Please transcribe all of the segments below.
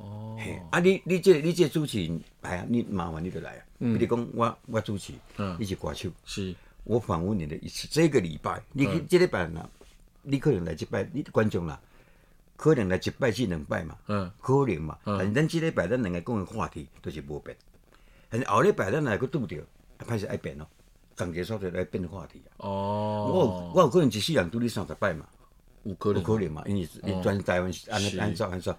哦，啊你你即、這個、你即主持係啊、哎，你麻煩你嚟啊。嗯、比如講我我主持，嗯、你係歌手，是。我訪問你哋一次，一、這個禮拜，你呢呢禮拜、嗯、你，這拜你可能嚟一拜，觀眾啦，可能嚟一拜至兩拜嘛，嗯，可能嘛，反正呢禮拜咱兩個講嘅話題都是冇變，但係後禮拜咱嚟度到，怕是會變咯，講嘢速度嚟變話題哦我，我我有可能只係兩度你上一拜嘛，唔可能可能嘛，因為專台灣按照按照。哦是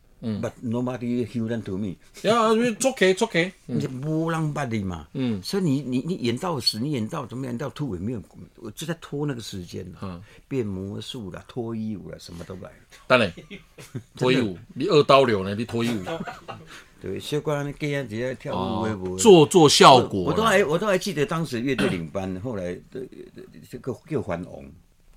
但 nobody heal 得到我。呀，做嘅做嘅，唔係冇人嘛。所以你你你演到死，你演到，怎麼演到吐，我就在拖那個時間。變魔術啦，脫衣舞啦，什麼都嚟。等你脫衣舞，你二刀流呢？你脫衣舞？對，相關給人家跳舞做做效果。我都還我都還記得當時樂隊領班，後來的這個又